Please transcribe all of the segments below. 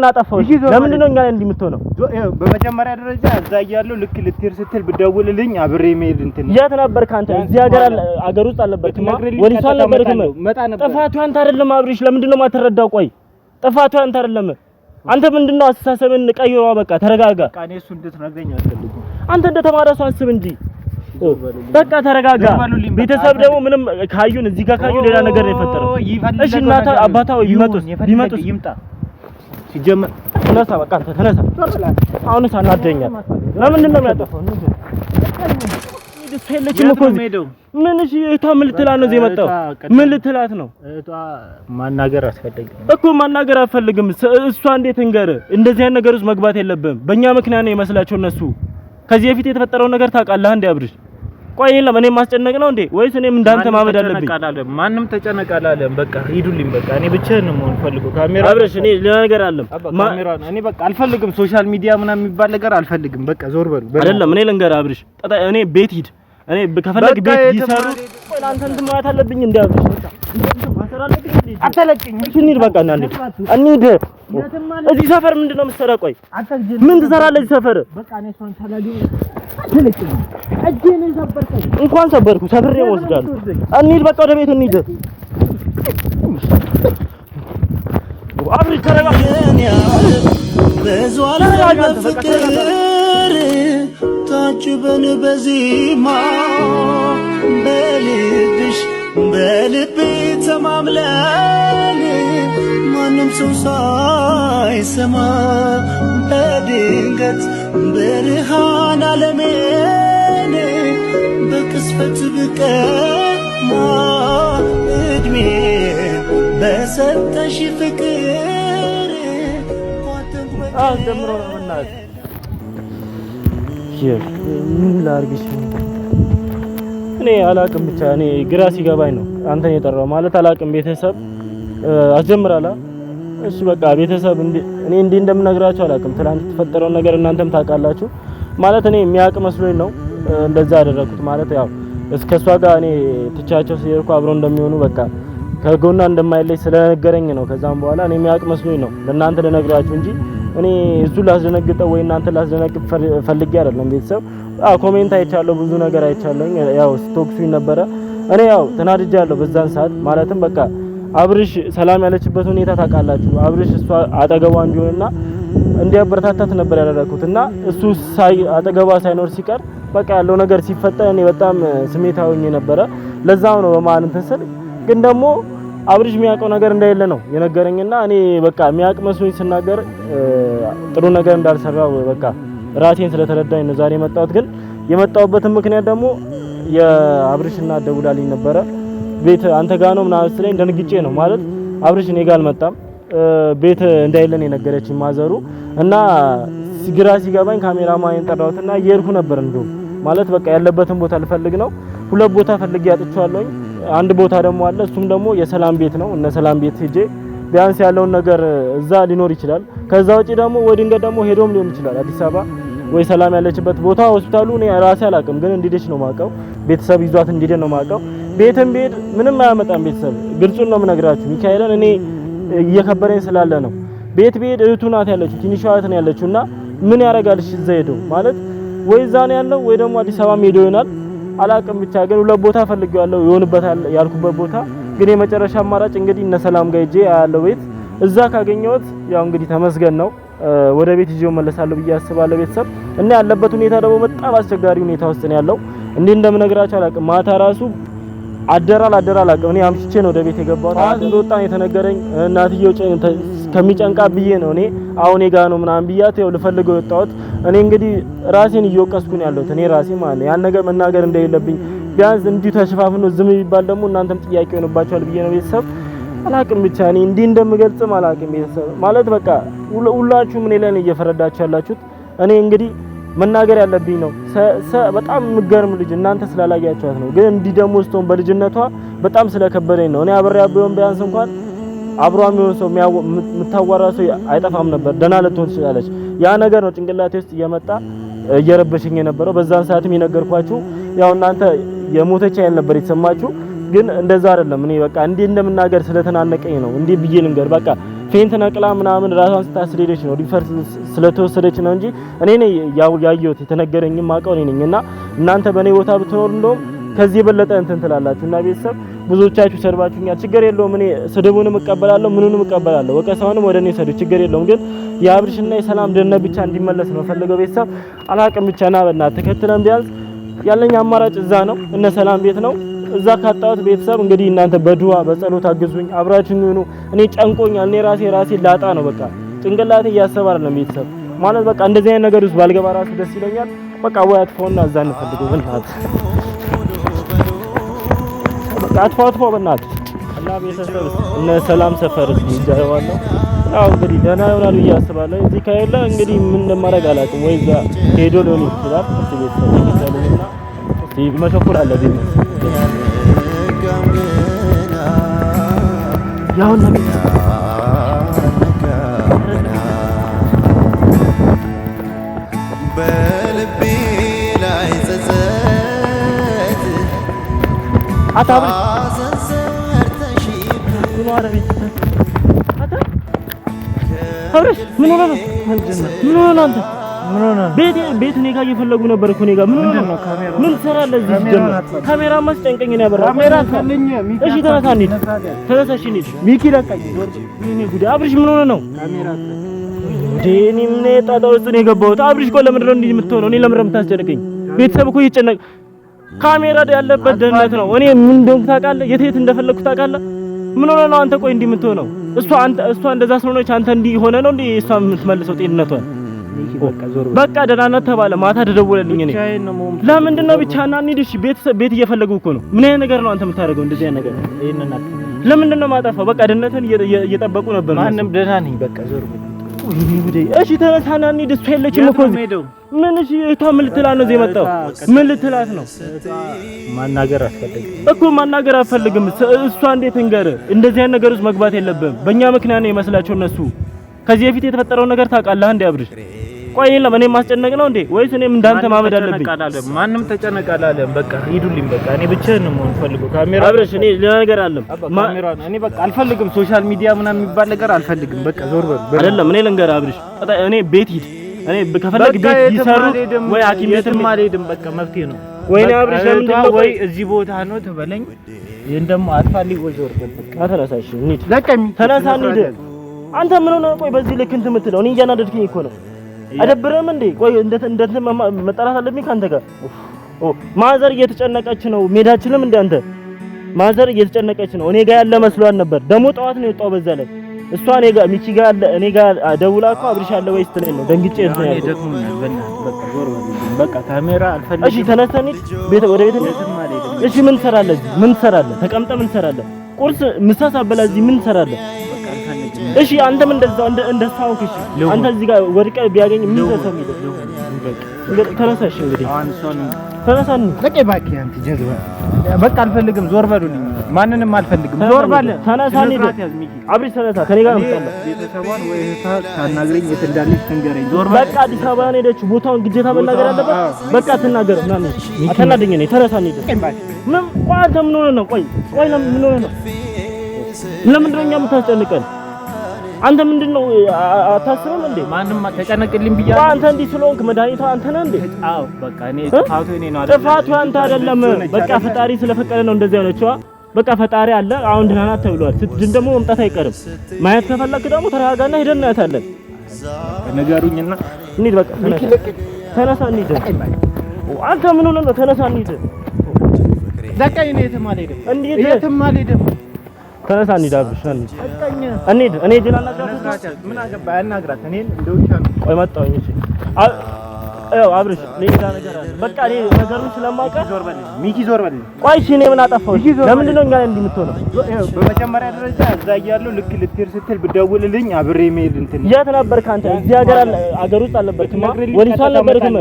ምን አጠፋው? ለምንድን ነው እኛ ላይ እንዲህ የምትሆነው? በመጀመሪያ ደረጃ እዛ እያለሁ ልክ ልትሄድ ስትል ብደውልልኝ አብሬ መሄድ እንትን የት ነበርክ አንተ? እዚህ ሀገር አለ ሀገር ውስጥ አልነበርክማ። ወሊሶ አልነበርክም። ጥፋቱ አንተ አይደለም አብሬሽ። ለምንድን ነው የማትረዳው? ቆይ ጥፋቱ አንተ አይደለም። አንተ ምንድን ነው አስተሳሰብን ቀይሮ፣ በቃ ተረጋጋ። ቃኔ እሱ እንድትነግረኝ አልፈልግም። አንተ እንደተማረ ሰው አስብ እንጂ በቃ ተረጋጋ። ቤተሰብ ደግሞ ምንም ካዩን እዚህ ጋር ካዩን ሌላ ነገር ነው የፈጠረው። እሺ እናታ አባታው ቢመጡስ ቢመጡስ ይምጣ ሲጀመር ተነሳ፣ በቃ አንተ ተነሳ። አሁን አናደኛል። ለምንድን ነው የሚያጠፋው? ምን እሺ፣ እህቷ ምን ልትላት ነው እዚህ የመጣው? ምን ልትላት ነው? እህቷ ማናገር አስፈልግም እኮ ማናገር አልፈልግም። እሷ እንዴት እንገር? እንደዚህ አይነት ነገር ውስጥ መግባት የለብም። በእኛ ምክንያት ነው ይመስላቸው እነሱ። ከዚህ በፊት የተፈጠረውን ነገር ታውቃለህ እንዴ አብርሽ? ቆይ ይሄን ለምን ማስጨነቅ ነው እንዴ? ወይስ እኔም እንዳንተ ማመድ አለብኝ? ማንም ተጨነቅ አላለም። በቃ ሂዱልኝ። በቃ እኔ ብቻዬን ነው የምፈልገው። ካሜራ አብረሽ እኔ ሌላ ነገር አለም። ካሜራ እኔ በቃ አልፈልግም። ሶሻል ሚዲያ ምናምን የሚባል ነገር አልፈልግም። በቃ ዞር በሉ። አይደለም እኔ ልንገርህ አብረሽ፣ እኔ ቤት ሂድ እኔ ከፈለግ ቤት ይሰሩ። አንተ ማለት አለብኝ እሺ በቃ እንሂድ፣ እንሂድ። እዚህ ሰፈር ምንድን ነው የምትሰራ? ቆይ ምን ትሰራለህ እዚህ ሰፈር? እንኳን ሰበርኩ ሰብሬ እወስዳለሁ። እንሂድ፣ በቃ ወደ ቤት እንሂድ። አብሪ ተረጋ ብዙ አለ ፍቅር ታጅበን በዜማ በልብሽ በልቤ ተማምለን ማንም ሰው ሳይሰማ በድንገት ብርሃን ዓለሜን በቅስፈት ብቀማ እድሜ በሰጠሽ ፍቅር ጀምሮ ነው ምን ላድርግሽ? እኔ አላቅም። ብቻ እኔ ግራ ሲገባኝ ነው አንተን የጠራው ማለት አላቅም። ቤተሰብ አስጀምራላ። እሺ በቃ ቤተሰብ እኔ እንዴ እንደምነግራችሁ አላቅም። ትናንት የተፈጠረውን ነገር እናንተም ታውቃላችሁ። ማለት እኔ የሚያውቅ መስሎኝ ነው እንደዛ ያደረኩት። ማለት ያው እስከ እሷ ጋር እኔ ትቻቸው ሲሄድኩ አብረው እንደሚሆኑ በቃ ከጎና እንደማይለይ ስለነገረኝ ነው። ከዛም በኋላ እኔ የሚያውቅ መስሎኝ ነው ለእናንተ ልነግራችሁ እንጂ እኔ እሱ ላስደነግጠው ወይ እናንተ ላስደነግጥ ፈልጌ አይደለም። ቤተሰብ አዎ፣ ኮሜንት አይቻለሁ፣ ብዙ ነገር አይቻለሁ። ያው ስቶክሱ ነበረ። እኔ ያው ተናድጃለሁ በዛን ሰዓት ማለትም በቃ አብርሽ ሰላም ያለችበት ሁኔታ ታውቃላችሁ። አብርሽ እሷ አጠገቧ እንዲሆንና እንዲያበረታታት ነበር ያደረኩት እና እሱ ሳይ አጠገቧ ሳይኖር ሲቀር በቃ ያለው ነገር ሲፈጠር እኔ በጣም ስሜታዊ ነበረ። ለዛው ነው በማን እንትን ስል ግን ደግሞ አብርሽ የሚያውቀው ነገር እንደሌለ ነው የነገረኝና እኔ በቃ የሚያውቅ መስሎኝ ስናገር ጥሩ ነገር እንዳልሰራው በቃ ራሴን ስለተረዳኝ ነው ዛሬ የመጣሁት። ግን የመጣሁበትን ምክንያት ደግሞ የአብርሽ እናት ደውላልኝ ነበረ። ቤት አንተ ጋ ነው ምናምን ስለኝ ደንግጬ ነው ማለት አብርሽ እኔ ጋ አልመጣም ቤት እንዳይለን የነገረችኝ ማዘሩ እና ግራ ሲገባኝ ካሜራማን ጠራሁትና እየሄድኩ ነበር እንደውም ማለት በቃ ያለበትን ቦታ ልፈልግ ነው። ሁለት ቦታ ፈልጌ አጥቼዋለሁኝ። አንድ ቦታ ደግሞ አለ። እሱም ደግሞ የሰላም ቤት ነው። እነ ሰላም ቤት ሄጄ ቢያንስ ያለውን ነገር እዛ ሊኖር ይችላል። ከዛ ውጪ ደግሞ ወይ ድንገት ደግሞ ሄዶም ሊሆን ይችላል አዲስ አበባ ወይ ሰላም ያለችበት ቦታ ሆስፒታሉ፣ እኔ ራሴ አላውቅም፣ ግን እንዲደች ነው ማውቀው። ቤተሰብ ይዟት እንዲደ ነው ማውቀው። ቤትም ቤት ምንም አያመጣም ቤተሰብ። ግልጹን ነው የምነግራችሁ ሚካኤልን እኔ እየከበረኝ ስላለ ነው። ቤት ቤት እህቱ ናት ያለችው፣ ትንሿ እህት ነው ያለችው እና ምን ያደርጋልሽ እዛ ሄዶ ማለት ወይ እዛ ነው ያለው ወይ ደግሞ አዲስ አበባ ሄዶ ይሆናል አላቅም ብቻ ግን ሁለት ቦታ ፈልጌዋለሁ ይሆንበታል ያልኩበት ቦታ ግን የመጨረሻ አማራጭ እንግዲህ እነ ሰላም ጋር ሄጄ ያለው ቤት እዛ ካገኘሁት ያው እንግዲህ ተመስገን ነው። ወደ ቤት ይዤው መለሳለሁ ብዬ አስባለሁ። ቤተሰብ እና ያለበት ሁኔታ ደግሞ በጣም አስቸጋሪ ሁኔታ ውስጥ ነው ያለው። እንዴ እንደምነግራቸው አላቅም። ማታ ራሱ አደራ ላደራ አላቅም። እኔ አምሽቼ ነው ወደ ቤት የገባሁት። ሰዓት እንደወጣን የተነገረኝ እናትየው ከሚጨንቃ ብዬ ነው እኔ አሁን ጋ ነው ምናምን ብያት ያው ልፈልገው የወጣሁት እኔ እንግዲህ ራሴን እየወቀስኩ ነው ያለሁት። እኔ ራሴ ማለት ያን ነገር መናገር እንደሌለብኝ ቢያንስ እንዲሁ ተሸፋፍኖ ዝም የሚባል ደግሞ እናንተም ጥያቄ ይሆንባችኋል ብዬ ነው ቤተሰብ አላቅም። ብቻ እኔ እንዲህ እንደምገልጽም አላቅም። ቤተሰብ ማለት በቃ ሁላችሁም እኔ ላይ ነው እየፈረዳችሁ ያላችሁት። እኔ እንግዲህ መናገር ያለብኝ ነው። በጣም የምገርም ልጅ እናንተ ስላላያችኋት ነው። ግን እንዲህ ደግሞ ስትሆን በልጅነቷ በጣም ስለከበደኝ ነው። እኔ አብሬያ ቢሆን ቢያንስ እንኳን አብሯ የሚሆን ሰው የምታዋራ ሰው አይጠፋም ነበር። ደህና ልትሆን ትችላለች። ያ ነገር ነው ጭንቅላቴ ውስጥ እየመጣ እየረበሽኝ የነበረው። በዛን ሰዓትም የነገርኳችሁ ያው እናንተ የሞተች አይደል ነበር የተሰማችሁ፣ ግን እንደዛ አይደለም። እኔ በቃ እንዴ እንደምናገር ስለተናነቀኝ ነው እንዴ ብዬ ልንገር። በቃ ፌንት ነቅላ ምናምን ራሷን ስታስደደች ነው ሪፈር ስለተወሰደች ነው እንጂ እኔ ነኝ ያው ያየሁት የተነገረኝም አውቀው እኔ ነኝ። እና እናንተ በእኔ ቦታ ብትኖር እንደውም ከዚህ የበለጠ እንትን ትላላችሁ እና ቤተሰብ ብዙዎቻችሁ ሰድባችሁኛል። ችግር የለውም። እኔ ስድቡንም እቀበላለሁ፣ ምኑንም እቀበላለሁ። ወቀሳውንም ወደ እኔ ሰዱ፣ ችግር የለውም። ግን የአብርሽና የሰላም ደህንነት ብቻ እንዲመለስ ነው ፈልገው። ቤተሰብ አላቅም ብቻ ና በና ተከትለን ቢያንስ ያለኝ አማራጭ እዛ ነው፣ እነ ሰላም ቤት ነው። እዛ ካጣሁት ቤተሰብ እንግዲህ እናንተ በዱዋ በጸሎት አግዙኝ፣ አብራችሁኝ ሁኑ። እኔ ጨንቆኛል። እኔ ራሴ ራሴ ላጣ ነው በቃ ጭንቅላቴ እያሰበ አይደለም ቤተሰብ ማለት በቃ እንደዚህ አይነት ነገር ውስጥ ባልገባ ራሱ ደስ ይለኛል። በቃ ወይ አጥፎና እዛ እንፈልገው ብንታት አጥፎ አጥፎ በእናትህ እና ቤተሰብ እነ ሰላም ሰፈር ይጃዋል ነው አው እንግዲህ ደህና ይሆናል ብዬ አስባለሁ። እዚህ ከሌለ እንግዲህ ምን እንደማደርግ አላውቅም። ወይ እዛ ሄዶ ሊሆን ይችላል። እዚህ ቤተሰብ ይቻልና እዚህ መሸኩል አለ ቤት ያው ነው አታብሪ ምን ሆነ? ምን ሆነ? አንተ ቤት ቤት እኔ ጋር እየፈለጉ ነበር እኮ እኔ ጋር ምን ሆነ? ምን ትሰራለህ እዚህ ጀምር? ካሜራ ማስጨንቀኝ ነው ያበራ። ካሜራ ካለኝ እሺ፣ ተነሳ እንሂድ፣ ተነሳ እሺ፣ እንሂድ። ሚኪ ለቀኝ። እኔ ጉድ አብርሽ፣ ምን ሆነ ነው እኔ ምን ጣጣ ውስጥ ነው የገባሁት? አብርሽ፣ ቆይ ለምንድን ነው እንዲህ የምትሆነው? እኔ ለምንድን ነው የምታስጨንቀኝ? ቤተሰብ እኮ እየጨነቀ ካሜራ ያለበት ደህንነት ነው። እኔ ምን እንደሆንኩ ታውቃለህ? የት የት እንደፈለግኩ ታውቃለህ? ምን ሆነ ነው አንተ? ቆይ እንዲህ የምትሆነው እሷ አንተ እሷ እንደዛ ስለሆነች አንተ እንዲህ ሆነ ነው እንዴ? እሷ የምትመልሰው ጤንነቷን በቃ ደህና ናት ተባለ። ማታ ተደወለልኝ። እኔ ለምንድን ነው ብቻ እና እንሂድ። እሺ ቤት ቤት እየፈለጉ እኮ ነው። ምን አይነት ነገር ነው አንተ የምታደርገው? እንደዚህ አይነት ነገር ለምንድን ነው ማጠፋው? በቃ ደህንነትን እየጠበቁ ነበር። ማንም ደህና ነኝ። በቃ ዞር እሺ ተነሳና እንሂድ። እሷ የለችም እኮ ምን? እሺ እህቷ ምን ልትላት ነው እዚህ የመጣው? ምን ልትላት ነው? ማናገር አልፈልግም እኮ ማናገር አልፈልግም። እሷ እንዴት እንገር? እንደዚህ አይነት ነገር ውስጥ መግባት የለብም። በእኛ ምክንያት ነው ይመስላቸው እነሱ። ከዚህ በፊት የተፈጠረው ነገር ታውቃለህ እንዴ አብርሽ? ቆይ የለም፣ እኔ ማስጨነቅ ነው እንዴ? ወይስ እኔም እንዳንተ ማመድ አለብኝ? ማንም ተጨነቅ አላለም። በቃ ሂዱልኝ። በቃ እኔ ብቻዬን ነው የምፈልገው። ካሜራ አብረሽ እኔ ሌላ ነገር አለም። እኔ በቃ አልፈልግም። ሶሻል ሚዲያ ምናምን የሚባል ነገር አልፈልግም። በቃ ዞር በል። አይደለም፣ እኔ ልንገርህ አብረሽ፣ እኔ ቤት ሂድ። እኔ ከፈለግ ቤት ይሰሩ ወይ ሐኪም ቤት ማልሄድም። በቃ መፍትሄ ነው ወይ አብረሽ፣ ለምንድን ነው ወይ እዚህ ቦታ ነው ትበለኝ። ይሄን ደግሞ አጥፋልኝ። ወይ ዞር በል። በቃ ተነሳሽ፣ እንሂድ። ለቀኝ፣ ተነሳ፣ እንሂድ። አንተ ምን ሆነህ? ቆይ በዚህ ልክ እንትን የምትለው እኔ እያናደድክኝ እኮ ነው አደብረም እንዴ? ቆይ እንደት እንደት መጣላት አለብኝ ካንተ ጋር? ኦ ማዘር እየተጨነቀች ነው። ሜዳችንም እንደ አንተ ማዘር እየተጨነቀች ነው። እኔ ጋር ያለ መስሏን ነበር። ደግሞ ጠዋት ነው የወጣው። በዛ ላይ እሷ እኔ ጋር ሚቺ ጋር ያለ እኔ ጋር ደውላ እኮ አብርሻለሁ ወይስ ትለኝ ነው። ደንግጬ እንትን ያለው በቃ ካሜራ አልፈልግም። እሺ ተነስተን ቤት ወደ ቤት ነው። እሺ። ምን ትሰራለህ? ምን ትሰራለህ? ተቀምጠህ ምን ትሰራለህ? ቁርስ ምሳ ሳበላ እዚህ ምን ትሰራለህ? እሺ አንተም እንደዛው እንደታወክ እሺ አንተ እዚህ ጋር ወድቀህ ቢያገኝ ምን ተሰሚ ተነሳሽ እንግዲህ ተነሳን በቃ እባክህ አንተ በቃ አልፈልግም ዞር በሉልኝ ማንንም አልፈልግም ዞር በል ተነሳን አብሪ ተነሳ ከኔ ጋር ነው በቃ አዲስ አበባ ነው ሄደች ቦታውን ግዴታ መናገር አለበት በቃ ትናገር ተነሳን ምን ቆይ አንተ ምን ሆነህ ነው ቆይ ቆይ ለምን ምን ሆነህ ነው ለምንድን ነው እኛ የምታስጨንቀን አንተ ምንድን ነው አታስብም እንዴ? ማንም ተጨነቅልኝ ብያለሁ። አንተ እንዲህ ስለሆንክ መድኃኒቷ አንተ ነህ እንዴ? አዎ በቃ እኔ ጥፋቱ እኔ ነው አይደል? ጥፋቱ አንተ አይደለም። በቃ ፈጣሪ ስለፈቀደ ነው እንደዚህ ያለችዋ። በቃ ፈጣሪ አለ። አሁን ደህና ናት ተብሏል። ስትድን ደግሞ መምጣት አይቀርም። ማየት ከፈለክ ደግሞ ተረጋጋና ሄደን እናያታለን። ነገሩኝና እንሂድ። በቃ ተነሳ እንሂድ። አንተ ምን ሆነህ ነው? ተነሳ እንሂድ። በቃ እኔ የትም አልሄድም። እንዴ የትም አልሄድም ተነሳ እንሂድ። አብሽ እንሂድ። እኔ ጅል አብርሽ ሌላ ነገር አለ። በቃ እኔ ነገሩን ስለማውቅ ዞር በል ሚኪ፣ ዞር በል ቆይ። እሺ እኔ ምን አጠፋሁ? ለምንድን ነው እኛ እንዲህ የምትሆነው? በመጀመሪያ ደረጃ እዛ እያለሁ ልክ ልትሄድ ስትል ብደውልልኝ አብሬ መሄድ እንትን የት ነበርክ አንተ? እዚህ ሀገር አለ አገር ውስጥ አልነበርክም፣ ወዲህ አልነበርክም።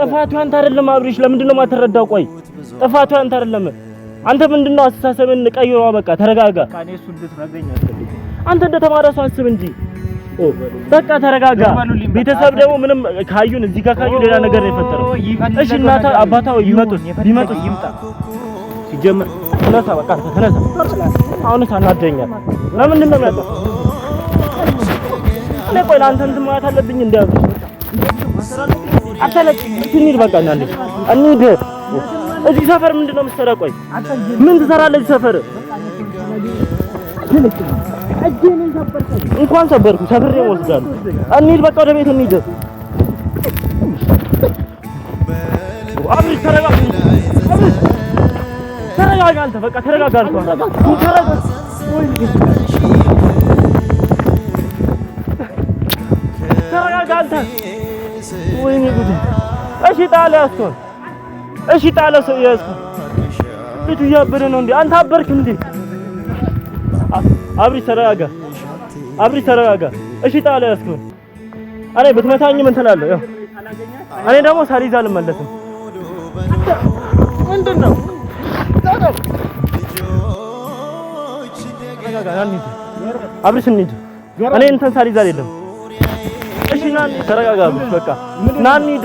ጥፋቱ አንተ አይደለም አብርሽ። ለምንድን ነው የማትረዳው? ቆይ ጥፋቱ አንተ አይደለም አንተ ምንድነው አስተሳሰብን ቀይሮ፣ በቃ ተረጋጋ። ካኔ እሱ እንድትረገኝ አልፈልግም። አንተ እንደተማረ ሰው አስብ እንጂ በቃ ተረጋጋ። ቤተሰብ ደግሞ ምንም ካዩን እዚህ ጋር ካዩ ሌላ ነገር ነው የፈጠረው። እሺ እናታ አባታው ይመጡ ይመጡ ይምጣ ሲጀምር ተነሳ፣ በቃ ተነሳ። አሁንስ አናደኛል። ለምንድን ነው የሚያጠፋ? እኔ ቆይ ለአንተ እንትን ማለት አለብኝ። እንዲያው አታለቅም። እንሂድ በቃ እናንተ እንሂድ እዚህ ሰፈር ምንድን ነው የምትሰራ? ቆይ ምን ትሰራለህ እዚህ ሰፈር? እንኳን ሰበርኩ ሰብሬ ወስዳለሁ። እንሂድ፣ በቃ ወደ ቤት እንሂድ። አብሪ ተረጋጋ፣ ተረጋጋ፣ አንተ በቃ ተረጋጋ። ተረጋጋ አንተ። ወይኔ እሺ ጣል ያስኮን እሺ ጣለ ሰው ያዝኩ። ልጁ እያበደ ነው እንዴ? አንተ አበርክ እንዴ? አብሪ ተረጋጋ፣ አብሪ ተረጋጋ። እሺ ጣለ ያዝኩ። አሬ ብትመታኝ ምን ትላለህ? ያው እኔ ደግሞ ሳልይዝ አልመለስም። ምንድን ነው አብሪ እንሂድ። እኔ እንትን ሳልይዝ አይደለም። እሺ ና እንሂድ። ተረጋጋ። በቃ ና እንሂድ።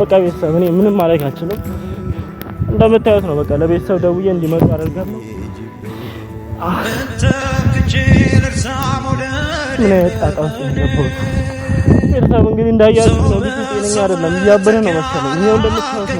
በቃ ቤተሰብ እኔ ምንም ማለት አልችልም። እንደምታዩት ነው። በቃ ለቤተሰብ ደውዬ እንዲመጡ አደርጋለሁ። ምን አይነት ጣጣ ውስጥ ገባሁት። ቤተሰብ እንግዲህ እንዳያችሁ ነው። ልጅ ጤነኛ አይደለም፣ እያበደ ነው መሰለኝ። ይሄው እንደምታዩት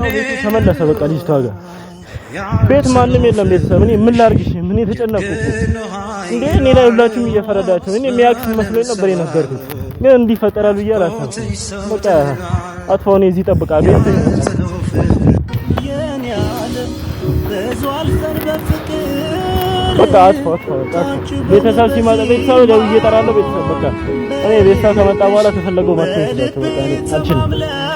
ነው። ቤቱ ተመለሰ። በቃ ልጅቷ ጋር ቤት ማንም የለም። ቤተሰብ እኔ ምን ላርግሽ? ምን የተጨነቁ እንዴ እኔ ላይ ሁላችሁም እየፈረዳችሁ፣ እኔ የሚያክስ መስሎኝ ነበር የነገርኩት፣ ግን እንዲፈጠራል ብዬ አላሰብኩም። በቃ አጥፋውን እዚህ ይጠብቃል። በቃ አጥፋው አጥፋው። ቤተሰብ ሲመጣ ቤተሰብ ደውዬ እጠራለሁ። ቤተሰብ በቃ እኔ ቤተሰብ ከመጣ በኋላ ተፈለገው ማጥፋት ይችላል። በቃ